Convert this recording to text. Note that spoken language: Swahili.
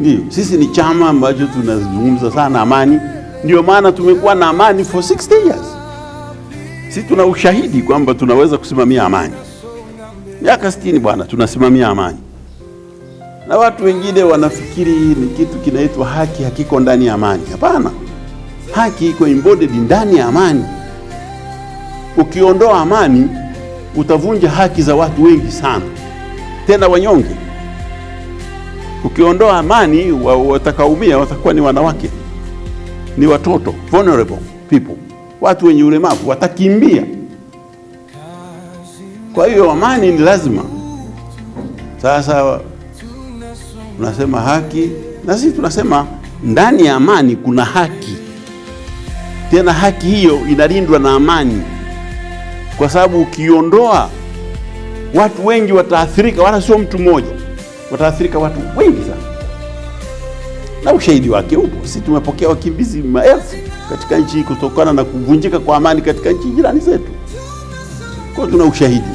Ndio, sisi ni chama ambacho tunazungumza sana amani, ndio maana tumekuwa na amani for 60 years. si tuna ushahidi kwamba tunaweza kusimamia amani. Miaka 60 bwana, tunasimamia amani, na watu wengine wanafikiri ni kitu kinaitwa haki hakiko ndani ya amani. Hapana, haki iko embodied ndani ya amani. Ukiondoa amani, utavunja haki za watu wengi sana, tena wanyonge. Ukiondoa amani, watakaumia watakuwa ni wanawake, ni watoto, vulnerable people, watu wenye ulemavu watakimbia. Kwa hiyo amani ni lazima. Sasa tunasema haki, na sisi tunasema ndani ya amani kuna haki, tena haki hiyo inalindwa na amani, kwa sababu ukiondoa, watu wengi wataathirika, wala sio mtu mmoja wataathirika watu wengi sana, na ushahidi wake upo. si tumepokea wakimbizi maelfu katika nchi hii kutokana na kuvunjika kwa amani katika nchi jirani zetu, kwa tuna ushahidi.